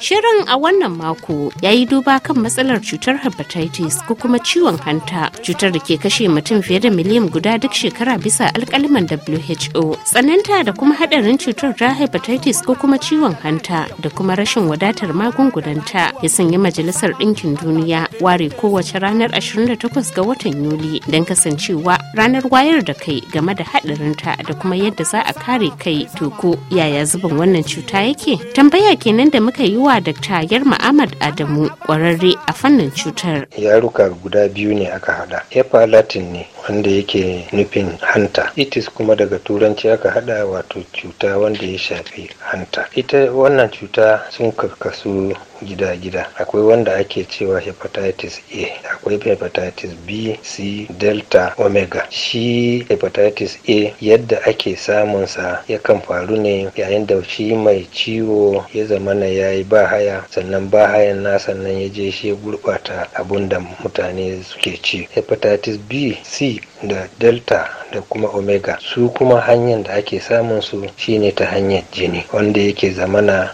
Shirin a wannan mako ya yi duba kan matsalar cutar hepatitis ko kuma ciwon hanta cutar da ke kashe mutum fiye da miliyan guda duk shekara bisa alkaliman WHO. Tsananta da kuma hadarin cutar ta hepatitis ko kuma ciwon hanta da kuma rashin wadatar magungunanta ya sanya Majalisar Ɗinkin Duniya ware kowace ranar 28 ga watan Yuli don kasancewa ranar wayar da kai game da hadarinta da kuma yadda za a kare kai to ko yaya zubin wannan cuta yake? Tambaya kenan kenan da muka yi wa Dr. Yarma Ahmad Adamu kwararre a fannin cutar. Yaruka guda biyu ne aka hada. hepalatin ne wanda yake nufin hanta itis kuma daga turanci aka hada wato cuta wanda ya shafi hanta ita wannan cuta sun karkasu gida-gida akwai wanda ake cewa hepatitis a akwai hepatitis b c delta omega shi hepatitis a yadda ake samunsa yakan faru ne yayin da shi mai ciwo ya zamana ya yi bahaya sannan ba bahayan na sannan ya je shi ya gurɓata abun da mutane suke ci hepatitis b c da delta da kuma omega su kuma hanyar da ake samun su shine ta hanyar jini wanda yake zamana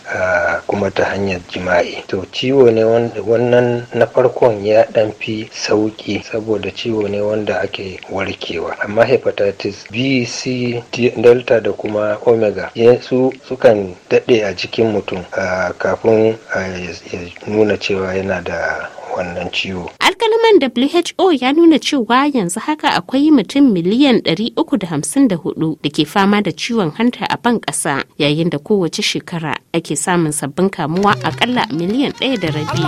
kuma ta hanyar jima'i to ciwo ne wannan na farkon ya dan fi sauki saboda ciwo ne wanda ake warkewa amma hepatitis b c delta da kuma omega su sukan daɗe a jikin mutum uh, kafin ya nuna cewa yana da wannan ciwo Alƙalman WHO ya nuna cewa yanzu haka akwai mutum miliyan 354 da ke fama da ciwon hanta a ban ƙasa yayin da kowace shekara ake samun sabbin kamuwa akalla miliyan ɗaya da rabi.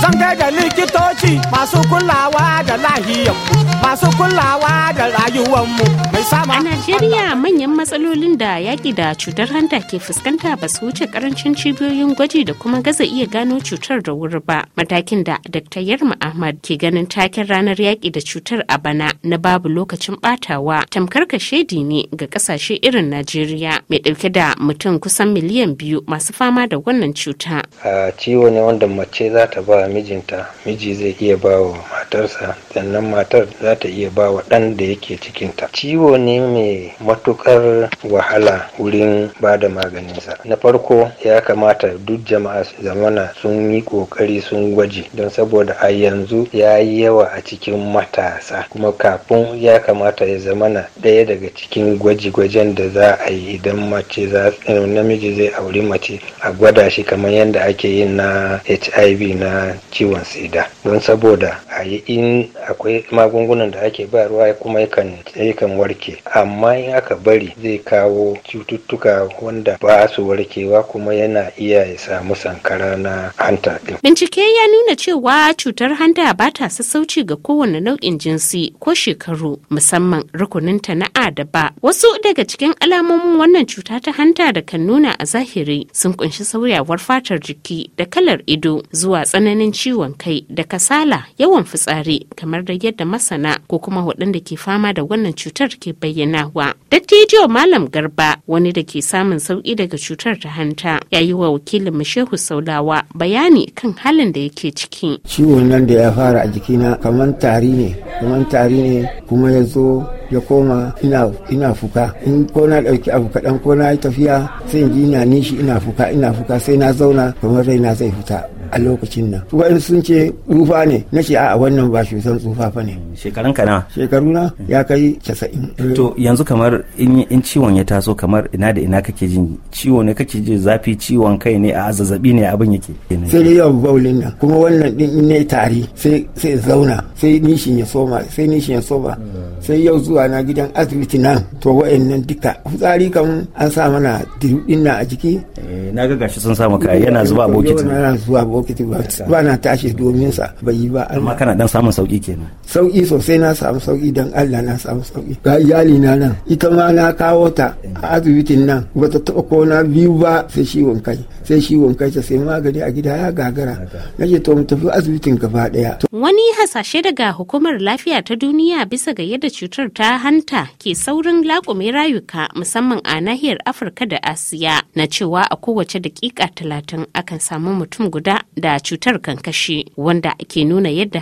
zan da likitoci masu kulawa da lahiyar masu kulawa da rayuwanmu mai sama. A Najeriya manyan matsalolin da yaƙi da cutar hanta ke fuskanta ba su wuce karancin cibiyoyin gwaji da kuma gaza iya gano cutar da wuri ba. Matakin da Dr. Yarma Ahmad ke ganin taken ranar yaƙi da cutar a bana na babu lokacin ɓatawa tamkar kashedi ne ga ƙasashe irin Najeriya mai ɗauke da mutum kusan miliyan biyu masu fama da wannan cuta. A ciwo ne wanda mace za ta ba mijinta, miji zai iya ba wa matarsa, sannan matar za za ta iya ba wa ɗan da yake cikinta ciwo ne mai matuƙar wahala wurin ba da maganinsa na farko ya kamata duk jama'a su zamana sun yi ƙoƙari sun gwaji don saboda a yanzu ya yi yawa a cikin matasa kuma kafin ya kamata ya zamana ɗaya daga cikin gwaji-gwajen da za a yi idan mace za namiji zai auri mace a gwada shi kamar yadda ake yin na hiv na ciwon sida don saboda a yi in akwai magunguna magungunan da ake bayarwa kuma yakan yakan warke amma in aka bari zai kawo cututtuka wanda ba su warkewa kuma yana iya ya samu sankara na hanta din bincike ya nuna cewa cutar hanta ba ta sassauci ga kowane nau'in jinsi ko shekaru musamman rukuninta na a da ba wasu daga cikin alamomin wannan cuta ta hanta da kan nuna a zahiri sun kunshi sauyawar fatar jiki da kalar ido zuwa tsananin ciwon kai da kasala yawan fitsari kamar da yadda masana corona ko kuma waɗanda ke fama da wannan cutar ke bayyanawa. Dattijo Malam Garba wani da ke samun sauki daga cutar ta hanta ya yi wa wakilin Shehu Saulawa bayani kan halin da yake ciki. Ciwon nan da ya fara a jikina kamar tari ne, kamar tari ne kuma ya zo ya koma ina ina fuka in ko na dauki abu kaɗan ko na yi tafiya sai in ji ina nishi ina fuka ina fuka sai na zauna kamar raina zai fita a lokacin nan Wani sun ce tsufa ne na ce a'a wannan ba shi san tsufa fa ne shekarun ka nawa shekaru na ya kai casa'in to yanzu kamar in ciwon ya taso kamar ina da ina kake jin ciwo ne kake jin zafi ciwon kai ne a zazzabi ne abin yake sai dai yawan baulin nan kuma wannan din ne tari sai sai zauna sai nishin ya soma sai nishin ya soma sai yau zuwa na gidan asibiti nan to nan duka fitsari kan an sa mana din na a jiki eh, na ga gashi sun samu kaya yana zuba bokiti yana zuba bokiti ba na tashi domin sa bai yi ba amma kana dan samun sauki kenan sauki sosai na samu sauki dan Allah na samu sauki ga iyali na nan ita ma na kawo ta a asibitin nan bata taba na biyu ba sai ciwon kai sai ciwon kai ta sai magani a gida ya gagara nace to mu tafi asibitin gaba daya wani hasashe daga hukumar lafiya ta duniya bisa ga yadda cutar ta hanta ke saurin lakume rayuka musamman a nahiyar Afirka da Asiya na cewa a kowace daƙiƙa talatin akan samu mutum guda da cutar kan kashe wanda ke nuna yadda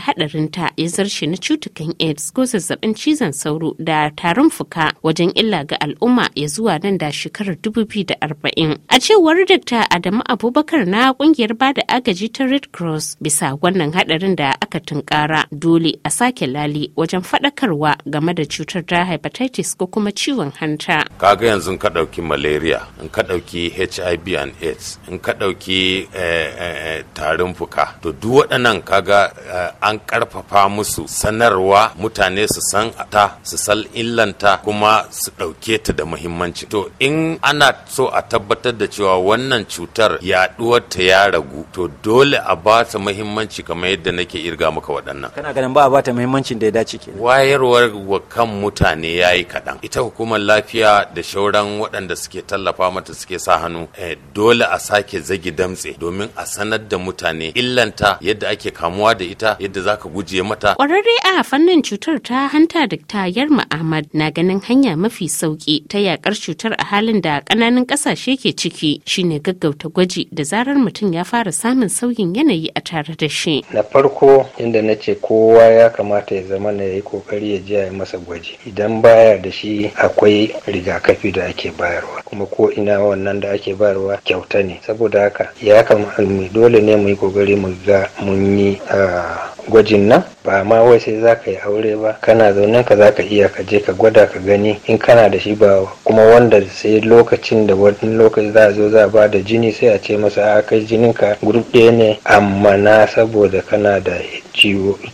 ta ya zarce na cutukan AIDS ko zazzabin cizon sauro da tarin fuka wajen illa ga al'umma ya zuwa nan da shekarar 2040. A cewar Dr. Adamu Abubakar na ƙungiyar da agaji ta Red Cross bisa wannan haɗarin da aka tunkara dole a sake lali wajen faɗakarwa ga game da cutar ta hepatitis ko kuma ciwon hanta kaga yanzu ka ɗauki malaria in ka ɗauki hiv and aids in ka ɗauki eh, eh, eh, tarin fuka to duk waɗannan kaga an ƙarfafa musu sanarwa mutane su san ta su san illanta kuma su ɗauke ta da muhimmanci to in ana so a tabbatar da cewa wannan cutar yaɗuwar ta ya ragu to dole a ba ta muhimmanci kamar yadda nake irga maka waɗannan kana ganin ba a ba ta muhimmancin da ya dace ke wayarwar wa kan mutane ya yi kaɗan ita hukumar lafiya da shauran waɗanda suke tallafa mata suke sa hannu eh, dole a sake zage damtse domin a sanar da mutane illanta yadda ake kamuwa da ita yadda za ka guje mata ƙwararre a fannin cutar ta hanta da tayar ahmad na ganin hanya mafi sauki ta yakar cutar a halin da ƙananan ƙasashe ke ciki shine gaggauta gwaji da zarar mutum ya fara samun sauyin yanayi a tare da shi na farko inda nace kowa ya kamata ya zama na yi kokari ya je masa gwaji idan baya da shi akwai rigakafi da ake bayarwa kuma ko ina wannan da ake bayarwa kyauta ne saboda haka ya kamata dole ne mu yi kokari mu ga mun yi ah, gwajin nan ba ma wai sai za ka yi aure ba kana zaune ka za ka iya ka je ka gwada ka gani in kana da shi ba kuma wanda sai lokacin da wani lokaci za a zo za a ba da jini sai a ce masa a kai jinin ka grup ɗaya ne amma na saboda kana da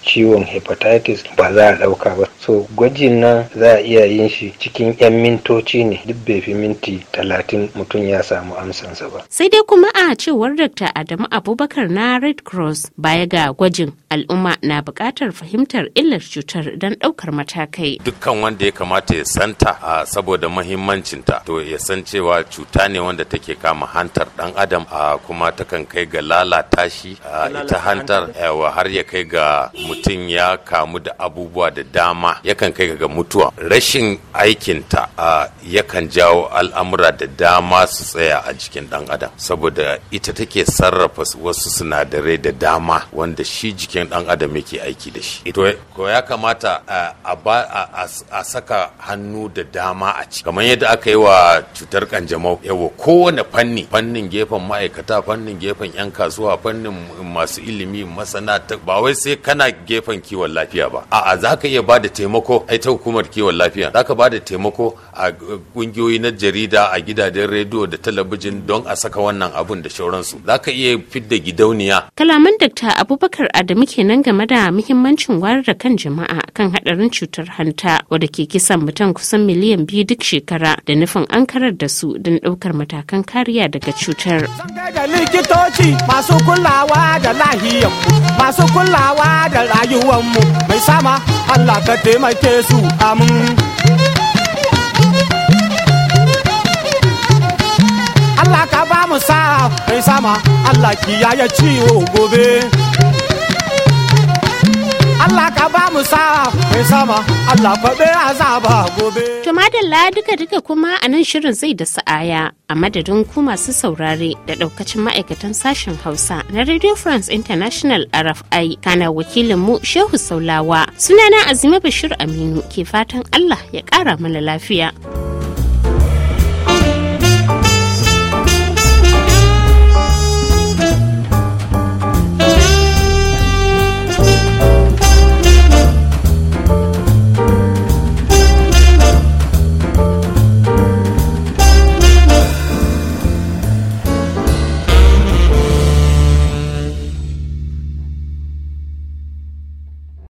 ciwon hepatitis ba za a ɗauka ba so gwajin nan za a iya yin shi cikin 'yan mintoci ne duk bai fi minti talatin mutum ya samu amsansa ba sai dai kuma a cewar dr adamu abubakar na red cross baya ga gwajin al'umma na buƙatar fahimtar illar cutar don ɗaukar matakai dukkan wanda ya kamata ya santa a saboda mahimmancinta to ya san cewa cuta ne wanda take kama hantar ɗan adam a kuma takan kai ga lalata shi ita hantar har ya kai ga ga mutum ya kamu da abubuwa da dama yakan kai ga mutuwa rashin aikinta a yakan jawo al'amura da dama su tsaya a jikin ɗan adam saboda ita take sarrafa wasu sinadarai da dama wanda shi jikin ɗan adam yake aiki da shi ko ya kamata a saka hannu da dama a ciki kamar yadda aka yi wa cutar kanjamau yawa kowane fanni fannin gefen ma'aikata fannin gefen 'yan kasuwa fannin masu ilimi masana ba wai wai sai kana gefen kiwon lafiya ba a'a za ka iya ba da taimako a ita hukumar kiwon lafiya za ka ba da taimako a kungiyoyi na jarida a gidajen rediyo da talabijin don a saka wannan abun da shauransu za ka iya fidda gidauniya kalaman dakta abubakar adamu kenan game da muhimmancin wayar da kan jama'a kan hadarin cutar hanta wadda ke kisan mutum kusan miliyan biyu duk shekara da nufin an karar da su don daukar matakan kariya daga cutar. Zan likitoci masu kulawa da lahiyar masu kulawa kulawa da rayuwanmu mai sama Allah ka taimake su amin Allah ka ba mu sa mai sama Allah kiyaye ciwo gobe Allah ka ba mu sawa mai sama Allah faɗe azaba gobe. To duka duka kuma a nan shirin zai da sa'aya a madadin ku masu saurare da ɗaukacin ma'aikatan sashen Hausa na Radio France International RFI kana wakilin mu Shehu Saulawa sunana Azima Bashir Aminu ke fatan Allah ya kara mana lafiya.